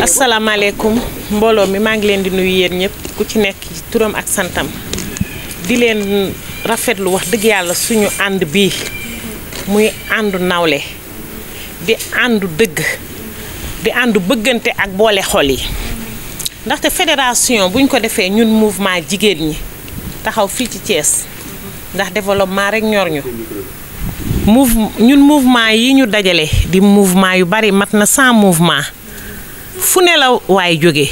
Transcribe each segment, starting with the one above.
asalaamaaleykum mbooloo mi maa ngi leen di nuyu yéen ñëpp ku ci nekk turam ak santam di leen rafetlu wax dëgg yàlla suñu ànd bii muy àndu nawle di àndu dëgg di àndu bëggante ak boole xol yi ndaxte fédération buñ ko defee ñun mouvement jigéen ñi taxaw fii ci Thiès ndax développement rek ñor ñu ñun mouvement yi ñu dajale di mouvement yu bari mat na 100 mouvement fu ne la waaye jóge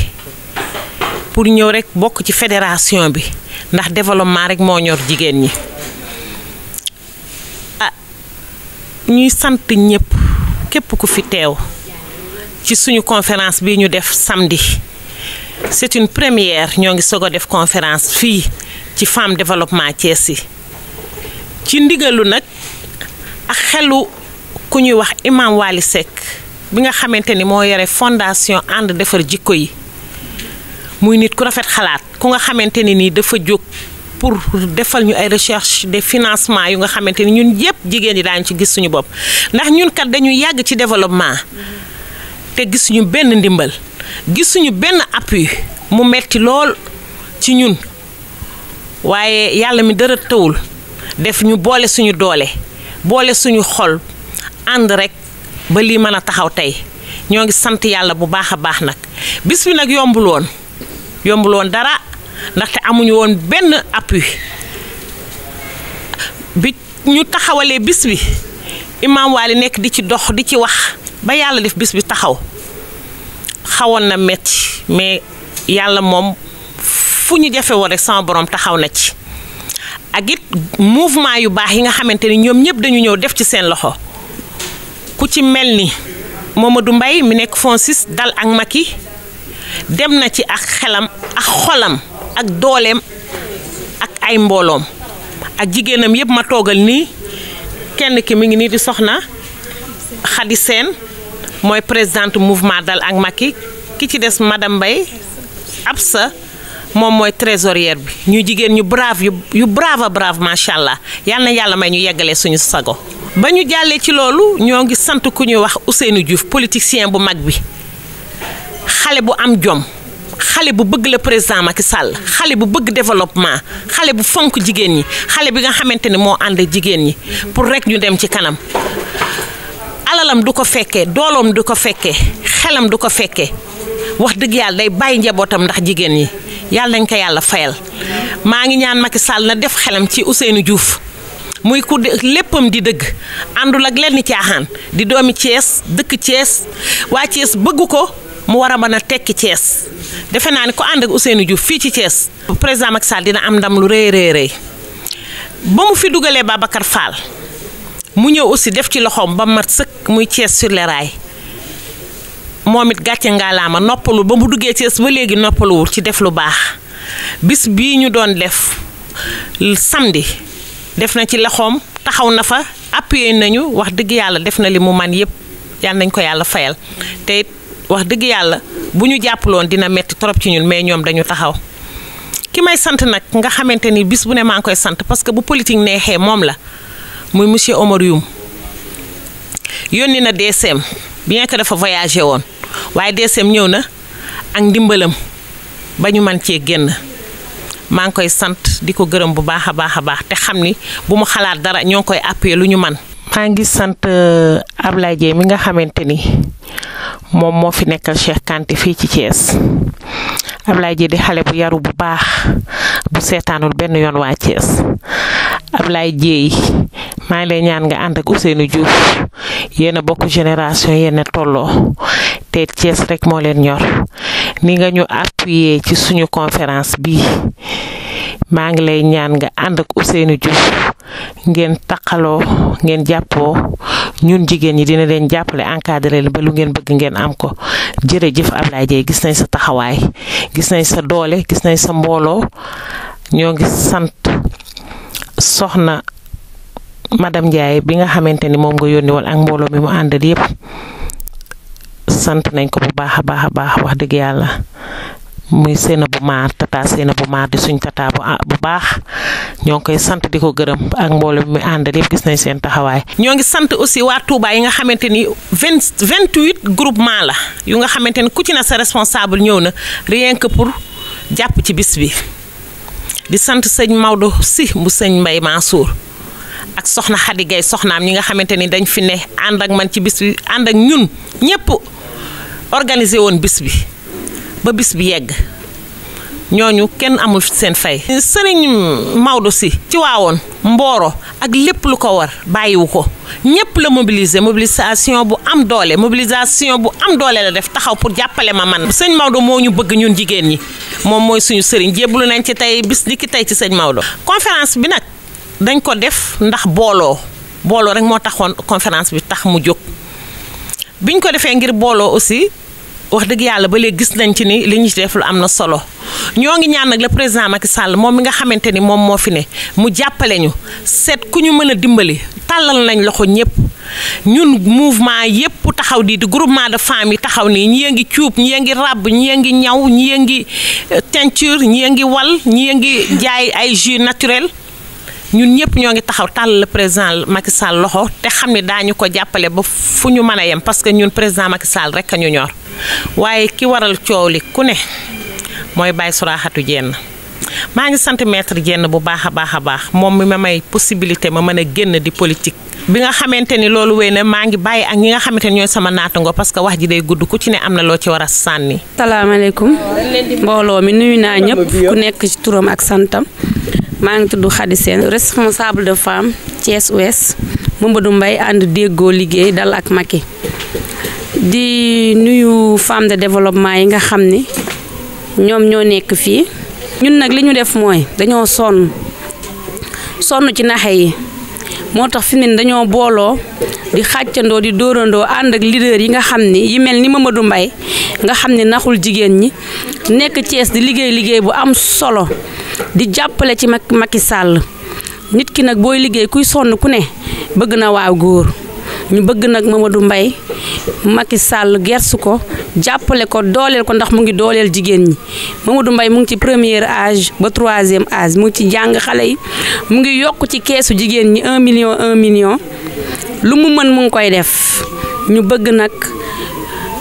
pour ñëw rek bokk ci fédération bi ndax développement rek moo ñor jigéen ñi ah ñuy sant ñëpp képp ku fi teew ci suñu conférence bi ñu def samedi c'est une première ñoo ngi soog a def conférence fii ci femme développement Thiès yi ci ndigalu nag ak xelu ku ñuy wax imam Waly Seck bi nga xamante ni moo yore fondation ànd defar jikko yi muy nit ku rafet xalaat ku nga xamante ni nii dafa jóg pour defal ñu ay recherche de financement yu nga xamante ni ñun yépp jigéen yi daañu ci gis suñu bopp ndax ñun kat dañu yàgg ci développement te gisuñu benn ndimbal gisuñu benn appui mu metti lool ci ñun waaye yàlla mi dara tawul def ñu boole suñu doole boole suñu xol ànd rekk ba lii mën a taxaw tey ñoo ngi sant yàlla bu baax a baax nag bis bi nag yombuloon yombuloon dara ndaxte amuñu woon benn appui bi ñu taxawalee bis bi imaam li nekk di ci dox di ci wax ba yàlla def bis bi taxaw xawoon na metti mais yàlla moom fu ñu jafe woon rek sama borom taxaw na ci ak it mouvement yu baax yi nga xamante ni ñoom ñëpp dañu ñëw def ci seen loxo. ku ci mel ni Mamadou mbay mi nekk Francis dal ak Macky dem na ci ak xelam ak xolam ak dooleem ak ay mbooloom ak jigéenam yëpp ma toogal nii kenn ki mi ngi nii di soxna Khady seen mooy présidente mouvement dal ak Macky ki ci des mbay Mbaye sa moom mooy trésorière bi ñu jigéen ñu brave yu yu brave brave macha allah yal na yàlla may ñu yeggalee suñu sago. ba ñu jàllee ci loolu ñoo ngi sant ku ñuy wax Ousseynou juuf politicien bu mag bi xale bu am jom xale bu bëgg la président Macky Sall xale bu bëgg développement xale bu fonk jigéen ñi xale bi nga xamante ne moo ànd jigéen ñi pour rek ñu dem ci kanam alalam du ko fekkee dooloom du ko fekkee xelam du ko fekkee wax dëgg yàlla day bàyyi njabootam ndax jigéen ñi yàlla nañ ko yàlla fayal maa ngi ñaan Macky Sall na def xelam ci Ousseynou juuf muy ku léppam di dëgg àndul ak lenn caaxaan di doomi Thiès dëkk Thiès waa Thiès bëgg ko mu war a mën a tekki Thiès defe naa ni ko ànd ak Ousseynou Diouf fii ci cees président Macky Sall dina am ndam lu rëy rëy rëy ba mu fi dugalee Babacar Fall mu ñëw aussi def ci loxoom ba mat sëkk muy Thiès sur les rails moom it gàcce ngaalaama noppalu ba mu duggee Thiès ba léegi noppaluwul ci def lu baax bis bii ñu doon def samedi. def na ci loxoom taxaw na fa appuyé nañu wax dëgg yàlla def na li mu man yëpp yal nañ ko yàlla fayal te wax dëgg yàlla bu ñu jàppaloon dina metti trop ci ñun mais ñoom dañu taxaw ki may sant nag nga xamante ni bis bu ne maa ngi koy sant parce que bu politique neexee moom la muy monsieur Omar Youm yónni na DSM bien que dafa voyagé woon waaye DSM ñëw na ak ndimbalam ba ñu man cee génn maa koy sant di ko gërëm bu baaxa baaxa baax te xam ni bu mu xalaat dara ñoo koy appuyer lu ñu man maa ngi sant euh, Ablaye Dieye mi nga xamante ni moom fi nekkal Cheikh fii ci Thiès Ablaye Dieye di xale bu yaru bu baax bu seetaanul benn yoon waa Thiès Ablaye Dieye maa ngi lay ñaan nga ànd ak Ousseynou Diouf yéen a génération yéen a tolloo te Thiès rek moo leen ñor ni nga ñu appuyer ci suñu conférence bi ma ngi lay ñaan nga ànd ak Ousseynou Diouf ngeen taqaloo ngeen jàppoo ñun jigéen ñi dina leen jàppale encadré ba lu ngeen bëgg ngeen am ko jëf Ablaye Dieye gis nañ sa taxawaay gis nañ sa doole gis nañ sa mbooloo ñoo ngi sant soxna madame Ndiaye bi nga xamante ni moom nga yónni woon ak mbooloo mi mu àndal yépp sant nañ ko bu bah a baax a baax wax dëgg yàlla muy seena bu maar tata seena bu maar di suñ tata bu ah, bu baax ñoo ngi koy sant di ko gërëm ak mboolem mi àndal yëpp gis nañ seen taxawaay ñoo ngi sant aussi waa Touba yi nga xamante ni vingt vingt huit groupement la yu nga xamante ni ku ci na sa responsable ñëw na rien que pour jàpp ci bis bi di sant sëñ Maodo si mu sëñ Mbay Mansour ak soxna Xadi Gay soxnaam ñi nga xamante ni dañ fi ne ànd ak man ci bis bi ànd ak ñun ñëpp organisé woon bis bi ba bis bi yegg ñooñu kenn amul seen fay. sëriñ Maodo si ci waawoon mbooroo ak lépp lu ko war bàyyiwu ko ñépp la mobiliser mobilisation bu am doole mobilisation bu am doole la def taxaw pour jàppale ma man. sëñ Maodo moo ñu bëgg ñun jigéen ñi moom mooy suñu sëriñ jébbalu nañ ci tey bis li ki tey ci sëñ Maodo. conférence bi nag dañ ko def ndax booloo booloo rek moo taxoon conférence bi tax mu jóg biñ ko defee ngir booloo aussi. wax dëgg yàlla ba léegi gis nañ ci ni li ñu ci def lu am na solo ñoo ngi ñaan nag le président Macky Sall moom mi nga xamante ni moom moo fi ne mu jàppale ñu seet ku ñu mën a dimbali tàllal nañ loxo ñëpp ñun mouvement yëpp taxaw di groupement de femmes yi taxaw nii ñi ngi cuub ñi ngi ràbb ñi ngi ñaw ñi ngi euh, teinture ñi ngi wal ñi ngi jaay ay jus naturel ñun ñëpp ñoo ngi taxaw tàll président Macky Sall loxo te xam ni daa ñu ko jàppale ba fu ñu mën a yem parce que ñun président Macky Sall rek a ñu ñor. waaye ki waral coow li ku ne mooy bàyyi Sourahatu jenn maa ngi sant maître bu baax a baax a baax moom mi ma may possibilité ma mën a génn di politique. bi nga xamante ni loolu wéy na maa ngi bàyyi ak ñi nga xamante ni ñooy sama naatango parce que wax ji day gudd ku ci ne am na loo ci war a sànni. salaamaaleykum mbooloo mi nuyu naa ñëpp ku nekk ci turam ak santam maa ngi tudd Khady seen responsable de femme Thiès Ouest Mamadou Mbaye ànd déggoo liggéey dal ak Macky. di nuyu femme de développement yi nga xam ni ñoom ñoo nekk fii ñun nag li ñu def mooy dañoo sonn sonn ci naxe yi moo tax fi dañoo booloo di xàccandoo di dóorandoo ànd ak leader yi nga xam ni yi mel ni Mamadou mbay nga xam ni naxul jigéen ñi nekk Thiès di liggéey liggéey bu am solo di jàppale ci Macky sàll nit ki nag booy liggéey kuy sonn ku ne bëgg na waaw góor ñu bëgg nag Mamadou mbay Macky sàll gersu ko jàppale ko dooleel ko ndax mu ngi dooleel jigéen ñi du mbay mu ngi ci première age ba troisième age mu ngi ci jàng xale yi mu ngi yokk ci keesu jigéen ñi un million un million lu mu mën mu ngi koy def ñu bëgg nag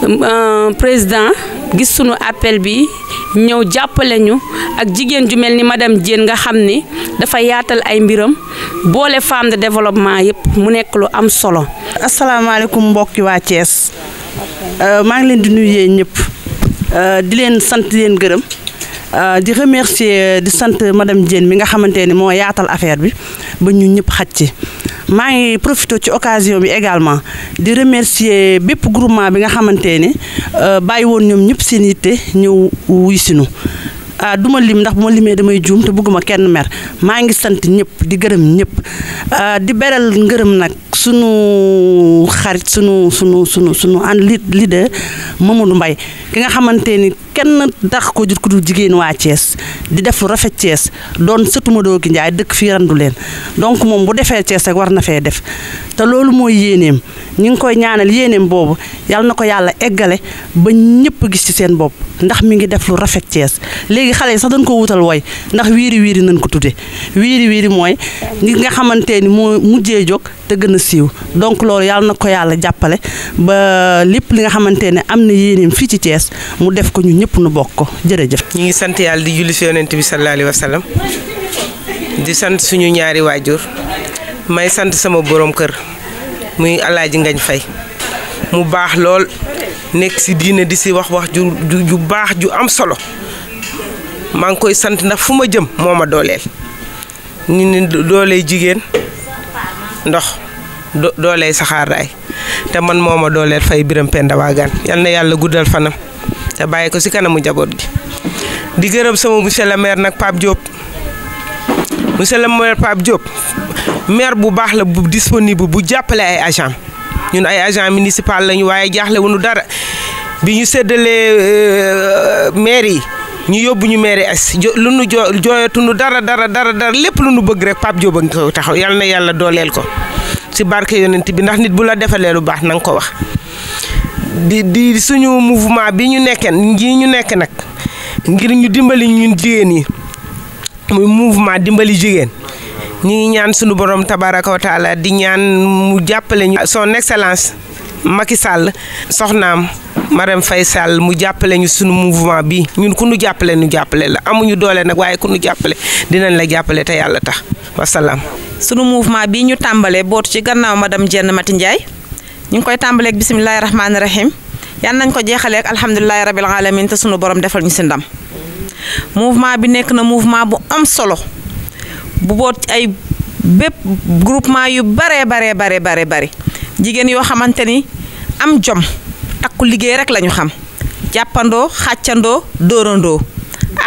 euh, président gis sunu appel bi ñëw jàppale ñu ak jigéen ju mel ni madame Diène nga xam ni dafa yaatal ay mbiram boole femme de développement yépp mu nekk lu am solo asalaamaaleykum mbokki waa Thiès euh, maa ngi leen di nuyu yéen ñëpp euh, di leen sant leen gërëm euh, di remercier di sant madame Diène mi nga xamante ne moo yaatal affaire bi ba ñu ñëpp xaj ci maa ngi profité ci occasion bi également di remercier bépp groupement bi nga xamante ne bàyyi woon ñoom ñëpp seen yitte ñëw wuy sinu ah du ma lim ndax bu ma limee damay juum te bëgguma kenn mer maa ngi sant ñëpp di gërëm ñëpp ah, di beral ngërëm nag. sunu xarit sunu sunu sunu sunu an leader Mamadou mbay ki nga xamante ni kenn dax ko jur ku dul jigéen waa Thiès di def lu rafet Thiès doon sëtu Madou Ki Ndiaye dëkk fii randu leen donc moom bu defee Thiès rek war na fee def te loolu mooy yéeneem ñi ngi koy ñaanal yéeneem boobu yàlla na ko yàlla eggale ba ñëpp gis ci seen bopp ndax mu ngi def lu rafet Thiès léegi xale yi sax dañ ko wutal woy ndax wiiri wiiri nañ ko tudde wiiri wiiri mooy ñi nga xamante ni moo mujjee jóg te gën a siiw donc loolu yàlla na ko yàlla jàppale ba lépp li nga xamante ne am na yéeneem fii ci Thiès mu def ko ñu ñëpp nu bokk ko jërëjëf. ñu ngi sant yàlla di julli si yonent bi sallallahu di sant suñu ñaari waajur may sant sama borom kër muy alaaji ngañ fay mu baax lool nekk si diine di si wax wax ju ju baax ju am solo maa ngi koy sant ndax fu ma jëm moo ma dooleel ñu ni dooleel jigéen. ndox dooley saxaar daay te man moo ma dooleel fay biram Penda Waagaan yal na yàlla guddal fanam te bàyyi ko si kanamu njaboot gi. di gërëm sama monsieur le maire nag Pape Diop monsieur le maire Pape Diop maire bu baax la bu disponible bu jàppale ay agent ñun ay agents municipal lañu waaye jaaxle nu dara bi ñu séddalee euh, maire yi. ñu yóbbu ñu mairie as lu nu jo jooyatunu dara dara dara dara lépp lu ñu bëgg rek Pape Diop ngi koy taxaw yal na yàlla dooleel ko ci barke yonent bi ndax nit bu la defalee lu baax na nga ko wax. di di suñu mouvement bi ñu nekkee ngii ñu nekk nag ngir ñu dimbali ñu jigéen yi muy mouvement dimbali jigéen. ñu ngi ñaan suñu borom tabaraka di ñaan mu jàppale ñu son excellence Macky Sall soxnaam Marème fay Sall mu jàppale ñu sunu mouvement bi ñun ku nu jàppale nu jàppale la amuñu doole nag waaye ku nu jàppale dinañ la jàppale te yàlla tax wasalaam. sunu mouvement bi ñu tàmbalee bootu ci gannaaw madame Diène Mati Ndiaye ñu ngi koy tàmbaleeg bisimilah rahmaani rahim yan nañ ko jeexaleeg alhamdulilah rabil alamin te sunu borom defal ñu si ndam mouvement bi nekk na mouvement bu am solo bu boot ay bépp groupement yu baree baree baree baree bari. jigéen yoo xamante ni am jom takku liggéey rek lañu xam jàppandoo xàccandoo dóorandoo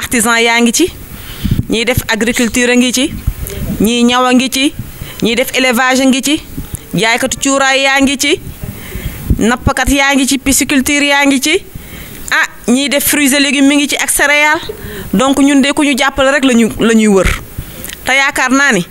artisan yaa ngi ci ñiy def agriculture a ngi ci ñiy ñaw a ngi ci ñiy def élevage a ngi ci jaaykatu cuuraay yaa ngi ci nappkat yaa ngi ci culture yaa ngi ci ah ñiy def fruits et légumes mi ngi ci ak céréales donc ñun de ku ñu jàppale rek lañu la ñuy wër te yaakaar naa ni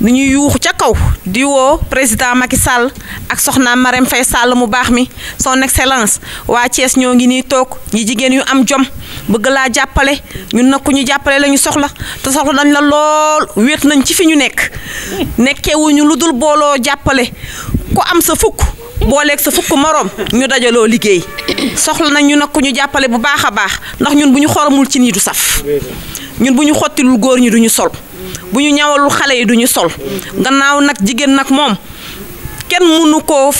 ni ñuy yuuxu ca kaw di woo président Macky Sall ak soxna Marème Faye Sall mu baax mi son excellence waa Thiès ñoo ngi nii toog ñi jigéen yu am jom bëgg laa jàppale ñun nag ku ñu jàppale lañu soxla te soxla nañ la lool wéet nañ ci fi ñu nekk nekkewuñu lu dul booloo jàppale ku am sa fukk booleeg sa fukk moroom ñu dajaloo liggéey soxla nañ ñu nag ku ñu jàppale bu baax a baax ndax ñun bu ñu xoromul ci nii du saf ñun bu ñu xottilul góor ñi du ñu sol bu ñu ñawalul xale yi duñu sol gannaaw nak jigen nak mom, kenn mënu ko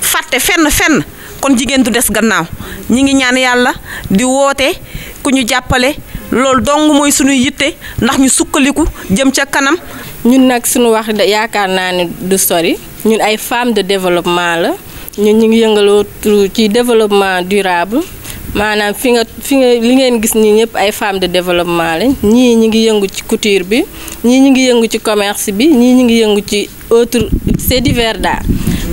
fàtte fenn fenn kon jigen du dess gannaaw ñi ngi ñaan yalla di woote ku ñu jappalé loolu dong moy suñu yitté ndax ñu sukkaliku jëm ca kanam ñun nak suñu wax yaakaar naa du sori ñun ay femme de développement la ñun ñi ngi yëngalo ci développement durable manam fi nga fi nga li ngeen gis ñi ñep ay femme de développement lañ ñi ñi ngi yëngu ci couture bi ñi ñi ngi yëngu ci commerce bi ñi ñi ngi yëngu ci autre c'est divers da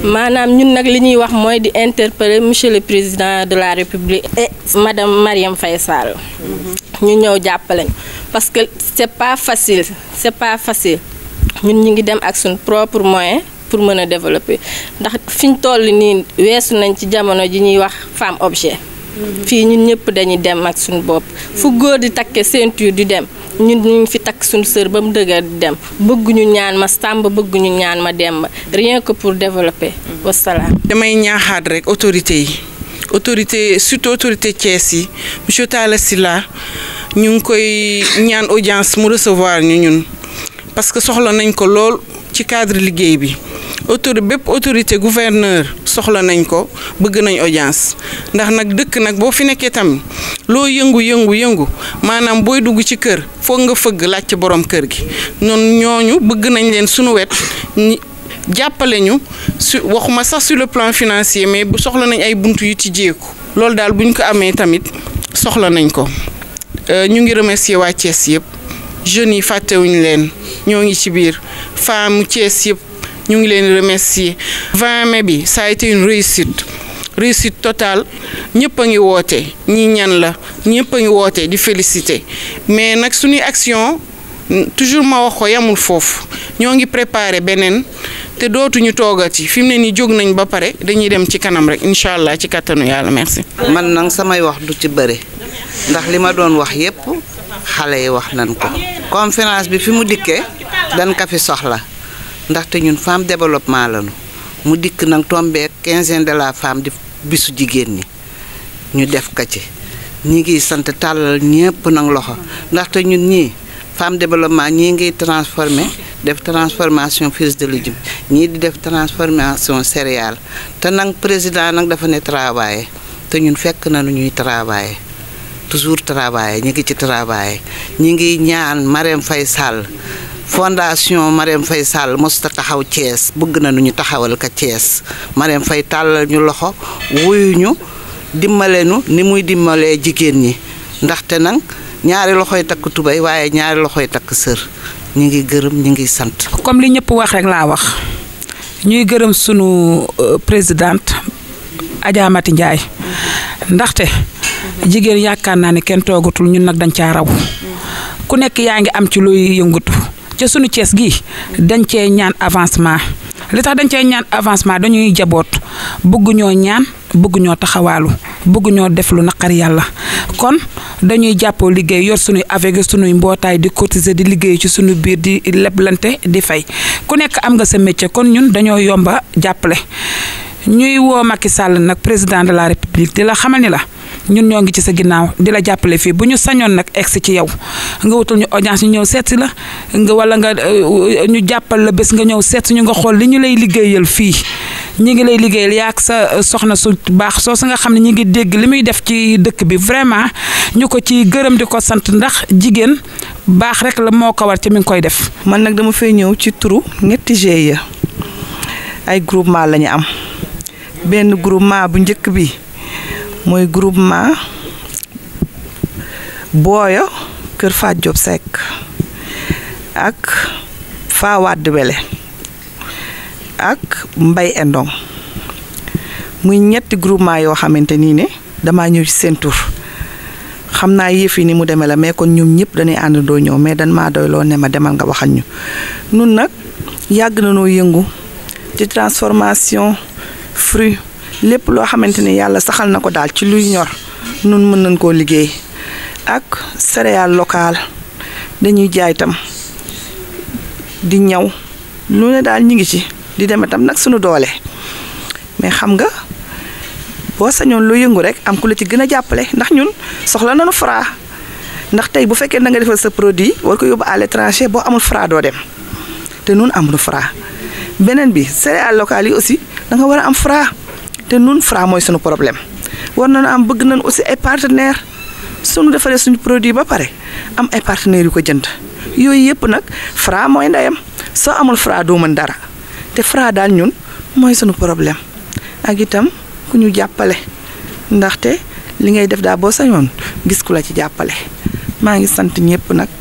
manam ñun nak li ñuy wax moy di interpeller monsieur le président de la république et madame Mariam Faisal. Sall ñu ñëw jappalé parce que c'est pas facile c'est pas facile ñun ñi ngi dem ak sun propre moyen pour mëna développer ndax fiñ toll ni wessu nañ ci jamono ji ñuy wax femme objet fii ñun ñëpp dañuy dem ak suñu bopp fu góor di takke seenture di dem ñun ñu fi takk suñu sër ba mu dëgër di dem bëgguñu ñaan ma sàmb bëgguñu ñaan ma dem rien ko pour développer wasalaam. damay ñaaxaat rek autorité yi autorité surtout autorité Thiès yi monsieur Talla Sylla ñu ngi koy ñaan audience mu recevoir ñu ñun parce que soxla nañ ko lool ci cadre liggéey bi. autorité bépp autorité gouverneur soxla nañ ko bëgg nañ audience ndax nag dëkk nag boo fi nekkee tam loo yëngu yëngu yëngu maanaam booy dugg ci kër foog nga fëgg laaj ci borom kër gi noonu ñooñu bëgg nañ leen sunu wet jàppale ñu su waxuma sax sur le plan financier mais bu soxla nañ ay bunt yu tijjeeku loolu daal bu ñu ko amee tamit soxla nañ ko euh, ñu ngi remercier waa Thiès yëpp jeunes yi fàttewuñu leen ñoo ngi ci biir femmes Thiès yëpp. ñu ngi leen remercier 20 mai bi ça a été une réussite réussite totale ñëpp a ngi woote ñi ñan la ñëpp a ngi woote di féliciter mais nag suñuy action toujours ma wax ko yamul foofu ñoo ngi préparer beneen te dootuñu toogati fi mu ne nii jóg nañ ba pare dañuy dem ci kanam rek incha allah ci kattanu yàlla merci. man nag samay wax du ci bëri ndax li ma doon wax yépp xale yi wax nañ ko conférence bi fi mu dikkee dañ ko soxla. ndaxte ñun femme développement lañu mu dikk nag tombee quinzaine de la femme di bisu jigéen ñi ñu def ka ci ñi ngi sant tàllal ñëpp nag loxo ndaxte ñun ñii femme développement ñii ngi transformer def transformation fils de légume ñii di def transformation céréale te nag président nag dafa ne travailler te ñun fekk nañu ñuy travailler toujours travailler ñi ngi ci travailler ñi ngi ñaan Marème fay fondation Marème Faye Sall mosta taxaw cees bëgg na nu ñu taxawal ka Thiès Marème fay tàllal ñu loxo wuyu ñu dimbale nu ni muy dimbalee jigéen ñi ndaxte nag ñaari loxoy takk tubay waaye ñaari loxoy takk sër ñu ngi gërëm ñu ngi sant. comme li ñëpp wax rek laa wax ñuy gërëm sunu euh, présidente Adja njaay ndaxte jigéen yaakaar naa ne kenn toogatul ñun nag dañ caa raw ku nekk yaa ngi am ci luy yëngatu. ca sunu Cees gi dañ cee ñaan avancement li tax dañ cee ñaan avancement dañuy jaboot bëgguñoo ñaan bëgguñoo ñoo taxawaalu bëgg def lu naqar yàlla kon dañuy jàppoo liggéey yor sunuy avec sunuy mbootaay di cotiser di liggéey ci sunu biir di leblante di fay ku nekk am nga sa métier kon ñun dañoo yomba jàppale ñuy woo Macky sàll nag président de la république di la xamal ni la ñun ñoo ngi ci sa ginnaaw di la jàppale fii bu ñu sañoon nag egsi ci yow nga wutal ñu audience ñu ñëw seet si la nga wala nga euh, ñu jàppal la bés nga ñëw seet ñu nga xool li ñu lay liggéeyal fii ñu ngi lay liggéeyal yaak sa euh, soxna su baax soo su nga xam ne ñu ngi dégg li muy def ci dëkk bi vraiment ñu ko ci gërëm di ko sant ndax jigéen baax rek la moo ko war ci mi ngi koy def. man nag dama fay ñëw ci turu ñetti GIE ay groupement la ñu am benn groupement bu njëkk bi muy groupement booya kër Faat Diop Seck ak Fawad Wele ak Mbay Endong muy ñetti groupement yoo xamante nii ne damaa ñëw ci seen tur xam naa yëf yi ni mu demee la mais kon ñoom ñëpp dañuy àndandoo ñëw mais dañ ma doy loo ne ma demal nga waxal ñu nun nag yàgg na noo yëngu ci transformation lepp lo xamanteni yalla saxal nako dal ci luy ñor nun mën nañ ko liggéey ak céréale locale dañuy jaay tam di ñaw lu ne dal ñi ngi ci di dem tam nak suñu doole mais xam nga bo sañon lu yëngu rek am ku la ci gëna jappalé ndax ñun soxla nañu fra ndax tay bu fekkee da nga defal sa produit war ko yóbbu à l'étranger boo amul fra doo dem te nun amul fra beneen bi yi aussi da nga war am fra te nun fra moy suñu problème war nañu am bëgg nañ aussi ay partenaire sunu defaree suñu produit ba pare am ay partenaire yu ko jënd yoy yépp nak fra moy ndayam so amul fra mandara, man dara te fra dal ñun moy suñu problème ak itam ku ñu jàppale ndaxte li ngay def da bo sañon gis ku la ci jappalé ma ngi sant ñepp nak